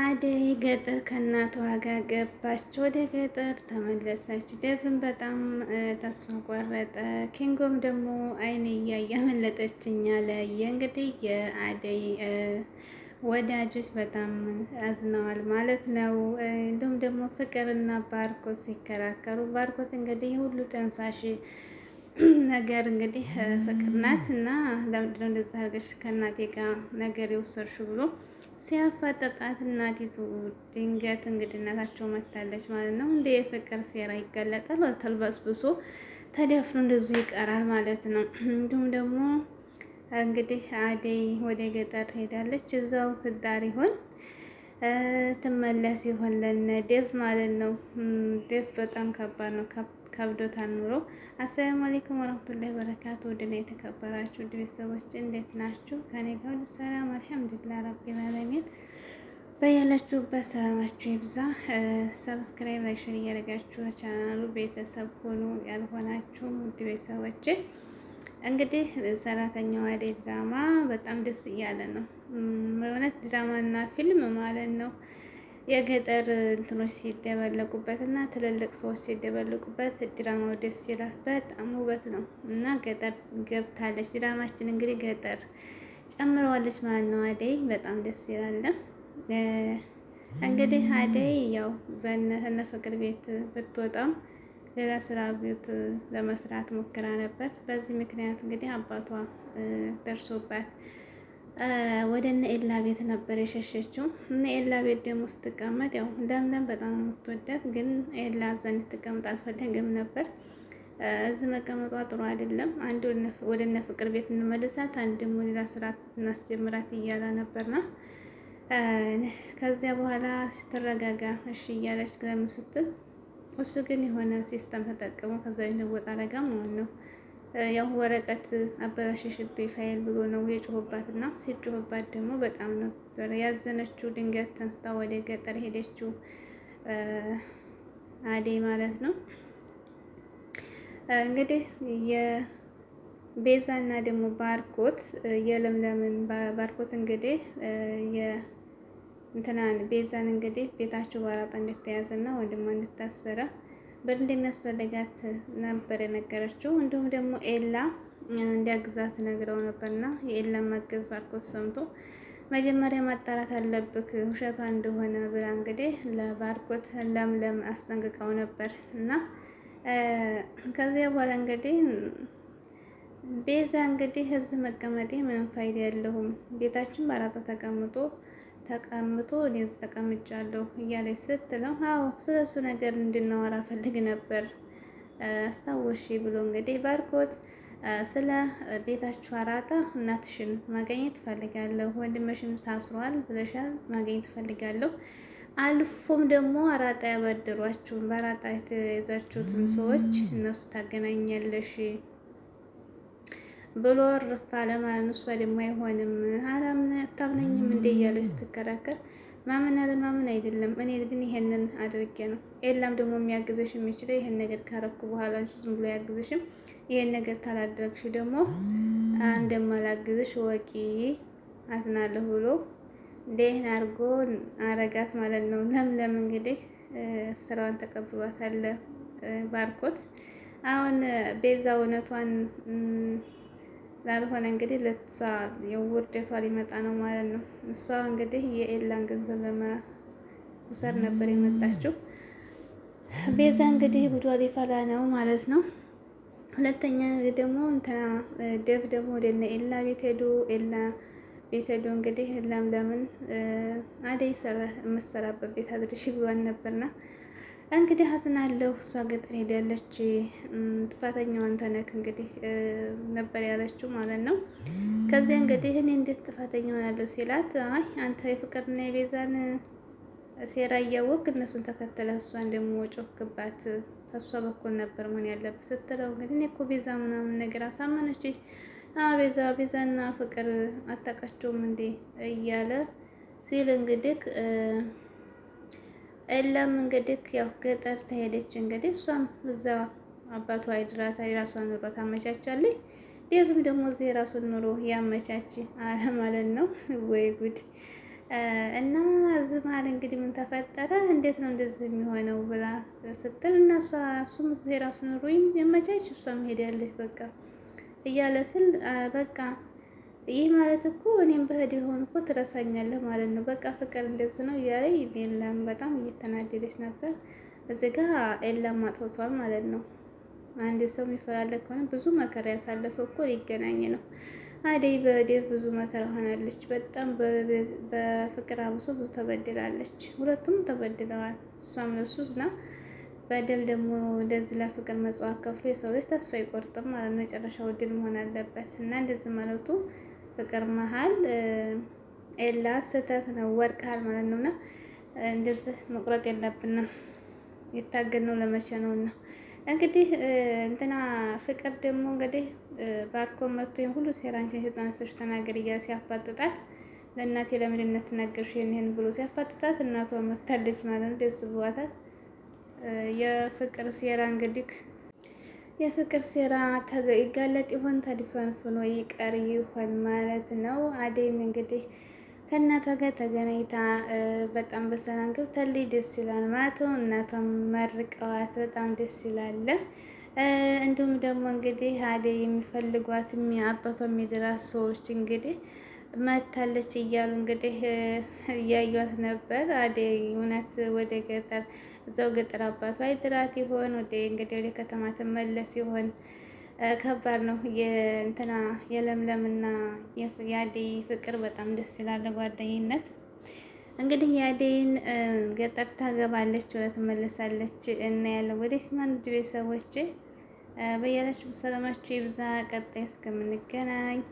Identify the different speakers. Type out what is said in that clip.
Speaker 1: አደይ ገጠር ከእናቷ ጋር ገባች። ወደ ገጠር ተመለሰች። ደፍን በጣም ተስፋ ቆረጠ። ኪንጎም ደግሞ አይን እያመለጠችኝ አለ። እንግዲህ የአደይ ወዳጆች በጣም አዝነዋል ማለት ነው። እንዲሁም ደግሞ ፍቅርና ባርኮት ሲከራከሩ ባርኮት እንግዲህ ሁሉ ጠንሳሽ ነገር እንግዲህ ፍቅር ናት እና ለምንድነው እንደዛ አድርገሽ ከእናቴ ጋር ነገር የወሰድሽው ብሎ ሲያፋጠጣት እናቲቱ ድንገት እንግድነታቸው መታለች ማለት ነው። እንደ የፍቅር ሴራ ይጋለጣል። ተልበስብሶ ተደፍኖ እንደዚሁ ይቀራል ማለት ነው። እንዲሁም ደግሞ እንግዲህ አደይ ወደ ገጠር ሄዳለች። እዛው ትዳር ይሆን ትመለስ ይሆን ለነ ዴቭ ማለት ነው። ዴቭ በጣም ከባድ ነው። ከብዶታል ኑሮ። አሰላሙ አለይኩም ወረህመቱላሂ ወበረካቱ። ውድና የተከበራችሁ ውድ ቤተሰቦች እንዴት ናችሁ? ከኔ ጋር ሁሉ ሰላም አልሐምዱሊላህ ረቢል አለሚን። በያላችሁበት ሰላማችሁ ይብዛ። ሰብስክራይብ፣ ላይክ፣ ሼር እያደረጋችሁ ቻናሉ ቤተሰብ ሆኑ። ያልሆናችሁም ውድ ቤተሰቦቼ እንግዲህ ሰራተኛው አደይ ድራማ በጣም ደስ እያለ ነው። በእውነት ድራማና ፊልም ማለት ነው የገጠር እንትኖች ሲደበለቁበት እና ትልልቅ ሰዎች ሲደበለቁበት ድራማው ደስ ይላል። በጣም ውበት ነው እና ገጠር ገብታለች። ድራማችን እንግዲህ ገጠር ጨምረዋለች ማለት ነው። አደይ በጣም ደስ ይላል። እንግዲህ አደይ ያው በእነ ፍቅር ቤት ብትወጣም ሌላ ስራ ቤት ለመስራት ሞክራ ነበር። በዚህ ምክንያት እንግዲህ አባቷ ደርሶባት ወደ እነ ኤላ ቤት ነበር የሸሸችው። እነ ኤላ ቤት ደግሞ ስትቀመጥ ያው ለምለም በጣም የምትወደት ግን ኤላ እዛ እንድትቀመጥ አልፈለግም ነበር። እዚህ መቀመጧ ጥሩ አይደለም። አንድ ወደ እነ ፍቅር ቤት እንመልሳት፣ አንድ ደግሞ ሌላ ስራ እናስጀምራት እያለ ነበርና ከዚያ በኋላ ስትረጋጋ እሺ እያለች ስትል እሱ ግን የሆነ ሲስተም ተጠቅሞ ከዛ ልንወጣ አረጋ መሆን ነው ያው ወረቀት አበላሸሽብኝ ፋይል ብሎ ነው የጮሁባት እና ሲጮህባት ደግሞ በጣም ነበረ ያዘነችው። ድንገት ተንስታ ወደ ገጠር ሄደችው አዴ ማለት ነው። እንግዲህ የቤዛና ደግሞ ባርኮት የለምለምን ባርኮት እንግዲህ እንትናን ቤዛን እንግዲህ ቤታቸው ባራጣ እንደተያዘና ወንድሟ እንደታሰረ እንደሚያስፈልጋት ነበር የነገረችው። እንዲሁም ደግሞ ኤላ እንዲያግዛት ነግረው ነበርና የኤላን መገዝ ባርኮት ሰምቶ መጀመሪያ ማጣራት አለብክ ውሸቷ እንደሆነ ብላ እንግዲህ ለባርኮት ለምለም አስጠንቅቀው ነበር እና ከዚያ በኋላ እንግዲህ ቤዛ እንግዲህ እዚህ መቀመጤ ምንም ፋይዳ የለውም ቤታችን በአራጣ ተቀምጦ ተቀምጦ እኔ ተቀምጫለሁ እያለች ስትለው፣ አዎ ስለ እሱ ነገር እንድናወራ ፈልግ ነበር አስታወሺ ብሎ እንግዲህ ባርኮት ስለ ቤታችሁ አራጣ እናትሽን ማገኘት ፈልጋለሁ፣ ወንድምሽም ታስሯል ብለሻል ማገኘት ፈልጋለሁ፣ አልፎም ደግሞ አራጣ ያባደሯችሁን በአራጣ የተያዛችሁትን ሰዎች እነሱ ታገናኛለሽ ብሎ እርፍ አለ ማለት ነው። እሷ ደግሞ አይሆንም አላምን አታምነኝም እንዴ እያለች ስትከራከር ማመን አለማመን አይደለም፣ እኔ ግን ይሄንን አድርጌ ነው። ኤላም ደግሞ የሚያግዘሽ የሚችለው ይሄን ነገር ካረኩ በኋላ እንጂ ዝም ብሎ ያግዝሽም። ይሄን ነገር ካላደረግሽ ደግሞ እንደማላግዝሽ ወቂ አዝናለሁ ብሎ ደህን አድርጎ አረጋት ማለት ነው። ለምለም እንግዲህ ስራዋን ተቀብሏታል ባርኮት። አሁን ቤዛ እውነቷን ላልሆነ እንግዲህ ለሷ የውርደቷ ሊመጣ ነው ማለት ነው። እሷ እንግዲህ የኤላን ገንዘብ ለመውሰድ ነበር የመጣችው። ቤዛ እንግዲህ ጉዷ ሊፈላ ነው ማለት ነው። ሁለተኛ ደግሞ እንትና ደፍ ደግሞ ወደ ኤላ ቤት ሄዱ። ኤላ ቤት ሄዱ እንግዲህ ኤላም ለምን አደይ ሰራ የምትሰራበት ቤት አድርሽ ብሏን ነበርና እንግዲህ አዝናለሁ። እሷ ገጠር ሄዳለች። ጥፋተኛው አንተ ነህ እንግዲህ ነበር ያለችው ማለት ነው። ከዚያ እንግዲህ እኔ እንዴት ጥፋተኛ ሆናለሁ ሲላት፣ አይ አንተ የፍቅርና የቤዛን ሴራ እያወቅ እነሱን ተከተለ እሷን ደግሞ ጮክባት ከእሷ በኩል ነበር መሆን ያለብህ ስትለው፣ እንግዲህ እኔ እኮ ቤዛ ምናምን ነገር አሳመነች። ቤዛ ቤዛና ፍቅር አታውቃቸውም እንዴ እያለ ሲል እንግዲህ እለም እንግዲህ ያው ገጠር ተሄደች። እንግዲህ እሷም እዛ አባቷ አይድራት የራሷን ኑሮ ታመቻቻለች። ዴቭም ደግሞ እዚህ የራሱን ኑሮ ያመቻች አለ ማለት ነው። ወይ ጉድ! እና እዚህ መሀል እንግዲህ ምን ተፈጠረ? እንዴት ነው እንደዚህ የሚሆነው ብላ ስትል እና እሷ እሱም እዚህ የራሱን ኑሮ ያመቻች እሷም ሄዳለች በቃ እያለ ስል በቃ ይህ ማለት እኮ እኔም በህድ የሆን እኮ ትረሳኛለህ ማለት ነው። በቃ ፍቅር እንደዚህ ነው እያለ ሌላም በጣም እየተናደደች ነበር። እዚ ጋ ኤላም አጥፍቷል ማለት ነው። አንድ ሰው የሚፈላለግ ከሆነ ብዙ መከራ ያሳለፈው እኮ ሊገናኝ ነው። አደይ በዴፍ ብዙ መከራ ሆናለች። በጣም በፍቅር አብሶ ብዙ ተበድላለች። ሁለቱም ተበድለዋል። እሷም ለሱ እና በደል ደግሞ እንደዚህ ለፍቅር መጽዋት ከፍሎ የሰው ልጅ ተስፋ ይቆርጥም ማለት ነው። መጨረሻው ድል መሆን አለበት እና እንደዚህ ማለቱ ፍቅር መሀል ኤላ ስህተት ነው ወድቀሃል ማለት ነው። እና እንደዚህ መቁረጥ የለብንም የታገድ ነው ለመቼ ነው እና እንግዲህ እንትና ፍቅር ደግሞ እንግዲህ ባርኮ መቶ ይሄን ሁሉ ሴራንሽን ሽጠነሶች ተናገር እያለ ሲያፋጥጣት ለእናቴ ለምንድን ነው ይህን ብሎ ሲያፋጥጣት እናቷ መታለች ማለት ነው። ደስ ብሏታል። የፍቅር ሴራ እንግዲህ የፍቅር ሴራ ይጋለጥ ይሆን? ተድፈንፍኖ ይቀር ይሆን ማለት ነው። አደይም እንግዲህ ከእናቷ ጋር ተገናኝታ በጣም በሰላም ገብታለች። ደስ ይላል ማለት ነው። እናቷም መርቀዋት በጣም ደስ ይላል። እንዲሁም ደግሞ እንግዲህ አደይ የሚፈልጓት አባቷ የሚደራ ሰዎች እንግዲህ መታለች እያሉ እንግዲህ እያዩት ነበር። አደይ እውነት ወደ ገጠር እዛው ገጠር አባቷ አይድራት ይሆን ወደ እንግዲህ ወደ ከተማ ትመለስ ይሆን? ከባድ ነው። የእንትና የለምለምና የአደይ ፍቅር በጣም ደስ ይላል። ጓደኝነት እንግዲህ የአደይን ገጠር ታገባለች ወደ ትመለሳለች እና ያለው ማንድ ቤተሰቦች በያላችሁ ሰላማችሁ ይብዛ። ቀጣይ እስከምንገናኝ